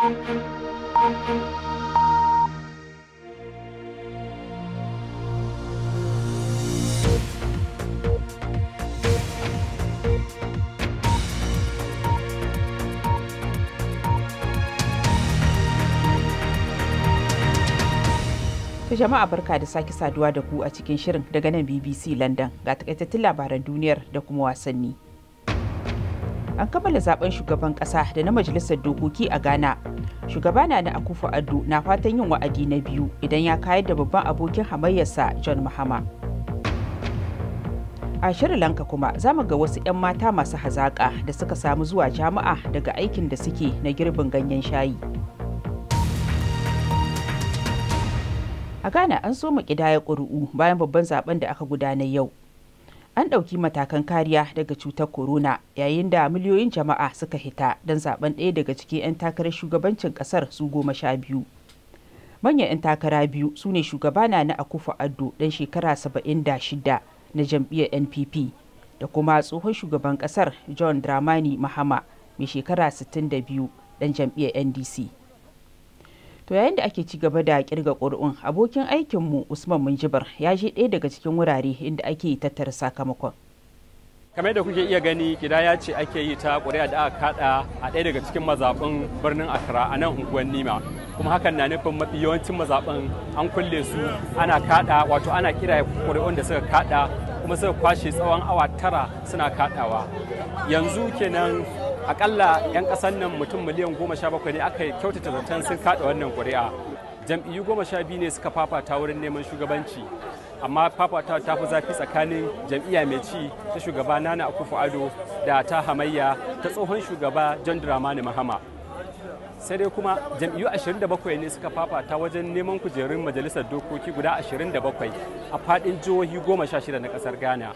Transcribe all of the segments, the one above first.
jama'a barka da sake saduwa da ku a cikin shirin daga nan BBC London ga takaitattun labaran duniyar da kuma wasanni. an kammala zaben shugaban kasa da na majalisar dokoki a ghana shugaba na na akufa ado na fatan yin wa'adi na biyu idan ya kayar da babban abokin hamayyarsa john mahama a shirin lanka kuma za mu ga wasu 'yan mata masu hazaƙa da suka samu zuwa jama'a daga aikin da suke na girbin ganyen shayi a ghana an so mu ƙidaya ƙuri'u bayan babban zaben da aka gudanar yau an ɗauki matakan kariya daga cutar corona yayin da miliyoyin jama'a suka hita don zaben ɗaya daga cikin 'yan takarar shugabancin ƙasar su goma sha biyu manyan 'yan takara biyu su ne shugaba na na akufa addo ɗan shekara saba'in da 76 na jam'iyyar npp da kuma tsohon shugaban ƙasar john dramani mahama mai shekara sittin da biyu ɗan jam'iyyar ndc To yayin da ake ci gaba da kirga ƙuri'un abokin aikinmu Usman Munjibar ya je ɗaya daga cikin wurare inda ake tattara sakamakon. kamar da kuke iya gani kidaya ce ake yi ta ƙuri'a da aka kada a ɗaya daga cikin mazaɓin birnin Accra a nan unguwar Nima kuma hakan na nufin mafi yawancin mazaɓin an kulle su ana kada wato ana kira ƙuri'un da suka kada kuma suka kwashe tsawon awa tara suna kadawa yanzu kenan akalla 'yan ƙasar nan mutum miliyan goma sha bakwai ne aka kyautata zaton sun kaɗa wannan ƙuri'a jam'iyyu goma sha biyu ne suka fafata wurin neman shugabanci amma fafata ta fi zafi tsakanin jam'iyya mai ci ta shugaba nana Akufu ado da ta hamayya ta tsohon shugaba john dramani mahama sai dai kuma jam'iyyu 27 ne suka fafata wajen neman kujerun majalisar dokoki guda 27 a fadin jihohi goma sha shida na ƙasar ghana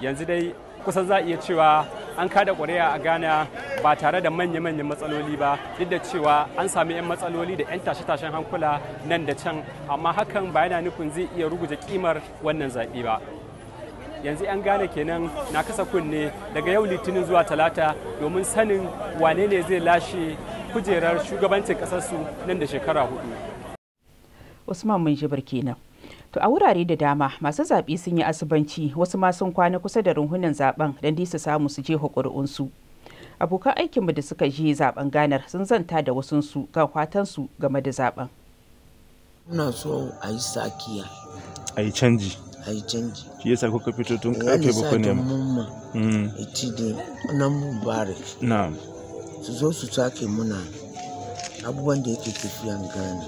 yanzu dai kusan za a iya cewa an kada ƙuri'a a ghana ba tare da manya-manyan matsaloli ba duk da cewa an sami 'yan matsaloli da 'yan tashe-tashen hankula nan da can amma hakan ba yana nufin zai iya ruguje kimar wannan zaɓe ba yanzu 'yan gane kenan na kasa kunne daga yau litinin zuwa talata domin sanin wane ne zai lashe kujerar shugabancin ƙasarsu nan da shekara hudu usman mun kenan. To a wurare da dama masu zaɓe sun yi asubanci wasu ma sun kwana kusa da runhunan zaben don su samu su je su Abokan aikinmu da suka je zaben ganar sun zanta da wasu su kan fatansu game da zaben. Muna so a yi sakiya. A yi canji. A yi canji. Shi yasa kuka fito tun kafe bakwai ne ma. Iti mm. da nan mubarak. Na'am. Su zo su sake muna abubuwan da yake tafiyan gani.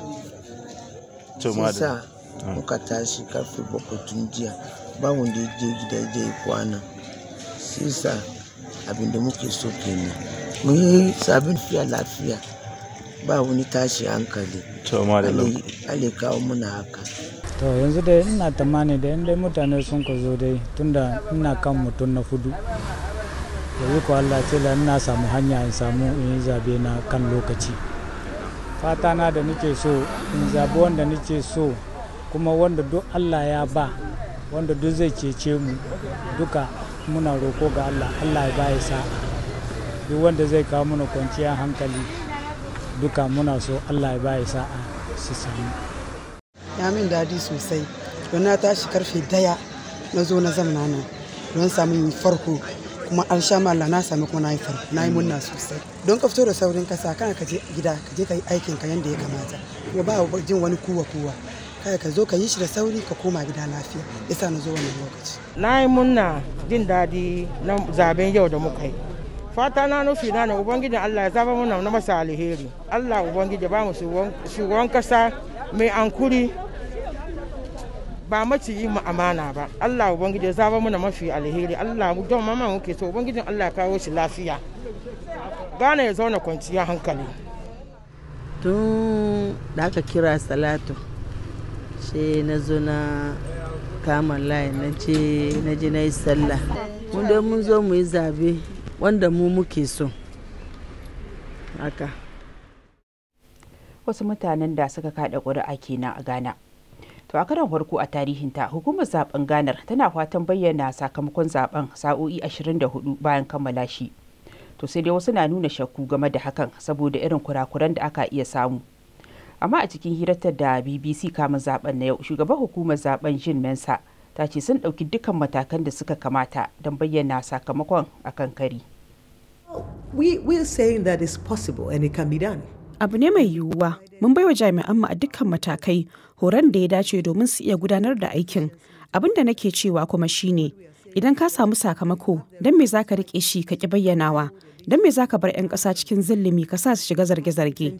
Tumada. muka tashi kafi bakwai jiya ba wanda je gida ya je kwana sai sa muke so kenan mu yi sabin fiya lafiya ba wani tashi hankali ale kawo muna haka to yanzu dai ina tamani da dai mutane sun ka zo dai tunda ina kan mutum na fudu yanzu ko Allah ce da ina samu hanya in samu in yi zabe na kan lokaci fata na da nake so in zabi wanda nake so kuma wanda duk allah ya ba wanda duk zai cece mu duka muna roko ga allah allah ya ba ya sa'a duk wanda zai kawo mana kwanciyar hankali duka muna so allah ya ba ya sa'a su sami ya min dadi sosai don na tashi karfe daya na zo na zamana nan don samu farko kuma an sha mala na sami kuma na yi farko na yi munna sosai don ka da saurin kasa kana ka je gida ka je ka yi aikin ka yanda ya kamata ba jin wani kuwa kuwa kai ka zo ka yi shi da sauri ka koma gida lafiya sa na zo wannan lokaci na yi munna jin daɗi na zaben yau da muka yi fata na nufi na na ubangijin Allah ya zaba muna na masa alheri Allah ubangiji ba mu shugaban kasa mai ankuri ba mace yi mu amana ba Allah ubangiji ya zaba muna mafi alheri Allah mu don mama muke so ubangijin Allah ya kawo shi lafiya Gana ya zauna kwanciya hankali tun da aka kira salatu shi na zo na kamar layi na ji na yi sallah mun dai mun zo mu yi zabe wanda mu muke so haka wasu mutanen da suka kada ƙuri'a kenan a ghana to a karan farko a tarihinta hukumar zaben ganar tana fatan bayyana sakamakon zaben sa'o'i 24 bayan kammala shi to sai dai wasu na nuna shakku game da hakan saboda irin kurakuran da aka iya samu amma a cikin hirarta da bbc kamun zaben na yau shugaban hukumar zaben jin mensa ta ce sun ɗauki dukkan matakan da suka kamata don bayyana sakamakon a kan kari abu ne mai yiwuwa mun baiwa jami'an mu a dukkan matakai horon da ya dace domin su iya gudanar da aikin abin da nake cewa kuma shine Idan ka samu sakamako, don me za ka riƙe shi ka ki bayyanawa? Don me za ka bar 'yan ƙasa cikin zillimi ka sa su shiga zarge-zarge?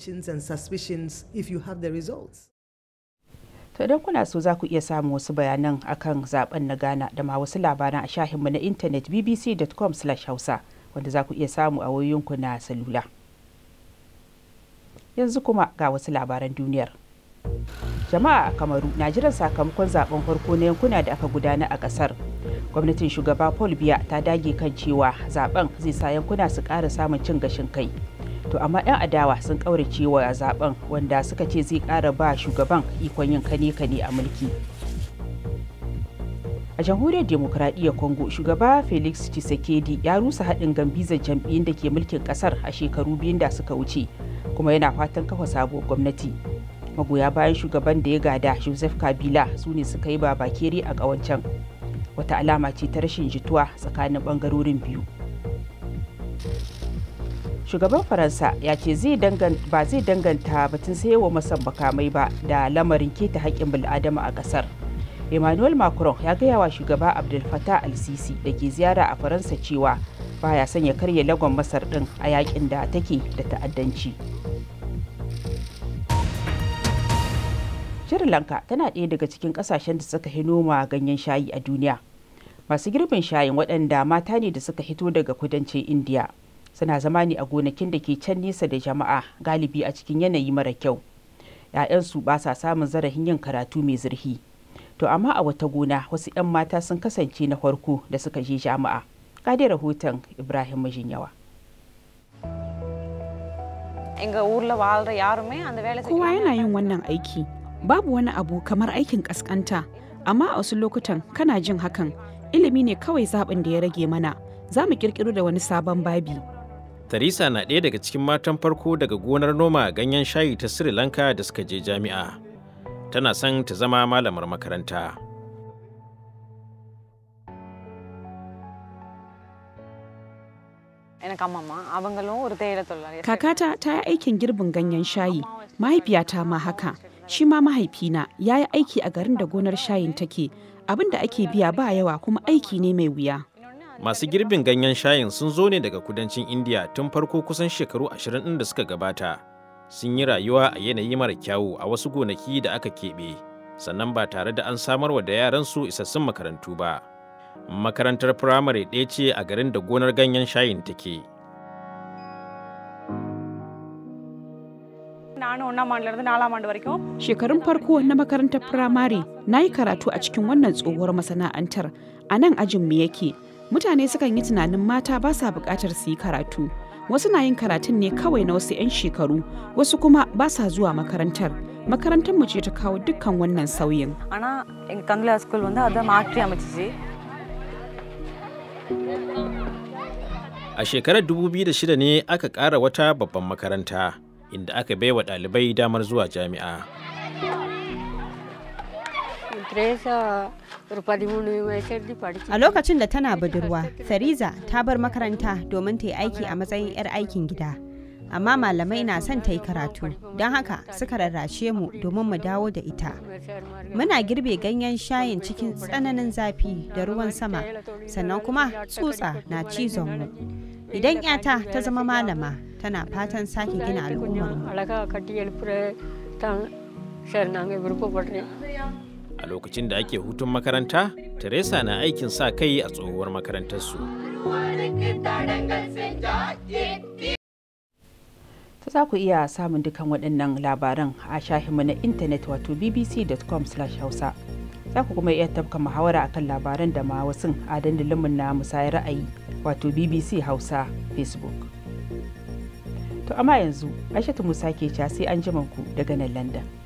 To idan kuna so za ku iya samun wasu bayanan akan zaben na Ghana da ma wasu labaran a shahinmu na intanet bbc.com/hausa wanda za ku iya samu a wayoyinku na salula. Yanzu kuma ga wasu labaran duniyar. jama'a a kamaru na jiran sakamakon zaben farko na yankuna da aka gudana a kasar gwamnatin shugaba paul biya ta dage kan cewa zaben zai sa yankuna su ƙara samun cin gashin kai to amma 'yan adawa sun kaure cewa zaben wanda suka ce zai kara ba shugaban ikon yin kane-kane a mulki a jamhuriyar demokuraɗiyyar congo shugaba felix tshisekedi ya rusa haɗin gambizan jam'iyyun da ke mulkin ƙasar a shekaru biyun da suka wuce kuma yana fatan kafa sabuwar gwamnati magoya bayan shugaban da ya gada joseph kabila su ne suka yi babakere a ƙawancen wata alama ce ta rashin jituwa tsakanin ɓangarorin biyu shugaban faransa ya ce ba zai danganta batun wa masan bakamai ba da lamarin keta haƙƙin bil'adama a ƙasar emmanuel macron ya gaya wa shugaba abdul fattah al-sisi da ke ziyara a faransa cewa baya son ya karya lagon masar ɗin a yakin da take da ta'addanci Sri Lanka tana ɗaya daga cikin ƙasashen da suka noma ganyen shayi a duniya. Masu girbin shayin waɗanda mata ne da suka hito daga kudancin Indiya suna zama ne a gonakin da ke can nesa da jama'a galibi a cikin yanayi mara kyau. 'Ya'yansu ba sa samun zarafin yin karatu mai zurfi. To amma a wata gona wasu 'yan mata sun kasance na farko da suka je jama'a. Ga rahoton Ibrahim Mijinyawa. Kowa yana yin wannan aiki babu wani abu kamar aikin kaskanta amma a wasu lokutan kana jin hakan ilimi ne kawai zaɓin da ya rage mana za mu ƙirƙiro da wani sabon babi. tarisa na ɗaya daga cikin matan farko daga gonar noma ganyen shayi ta Sri Lanka da suka je jami'a. Tana son ta zama malamar makaranta. Kakata ta yi aikin girbin ganyen shayi, mahaifiyata ma haka. shi ma mahaifina ya yi aiki a garin da gonar shayin take abin da ake biya ba yawa kuma aiki ne mai wuya masu girbin ganyen shayin sun zo ne daga kudancin indiya tun farko kusan shekaru ashirin inda da suka gabata sun yi rayuwa a yanayi mara kyawu a wasu gonaki da aka keɓe sannan ba tare da an samarwa da yaran su isassun makarantu ba makarantar firamare ɗaya ce a garin da gonar ganyen shayin take na wannan na alama shekarun farko na makarantar firamare na yi karatu a cikin wannan tsohuwar masana'antar a nan ajin mu yake mutane sukan yi tunanin mata ba sa buƙatar su yi karatu wasu na yin karatun ne kawai na wasu 'yan shekaru wasu kuma ba sa zuwa makarantar makarantar mu ce ta kawo dukkan wannan sauyin ana in kangla school wanda ada mace ce. a shekarar 2006 ne aka ƙara wata babban makaranta inda aka baiwa ɗalibai damar zuwa jami'a. A lokacin da tana budurwa, Fariza ta bar makaranta domin ta yi aiki a matsayin 'yar aikin gida. Amma malamai na son ta yi karatu, don haka suka rarrashe mu domin mu dawo da ita. Muna girbe ganyen shayin cikin tsananin zafi da ruwan sama, sannan kuma tsutsa na cizon mu. idan yata ta zama malama tana eh, fatan sake gina al'umma. a lokacin da ake hutun makaranta teresa na aikin sa kai a tsohuwar makarantarsu za ku iya samun dukan waɗannan labaran a shahinmu na intanet wato bbc.com/hausa za ku kuma iya tafka muhawara akan labaran da ma wasu a dandalinmu na musayar ra'ayi wato bbc hausa facebook to amma yanzu aishatu musa ke sai an ku daga nan london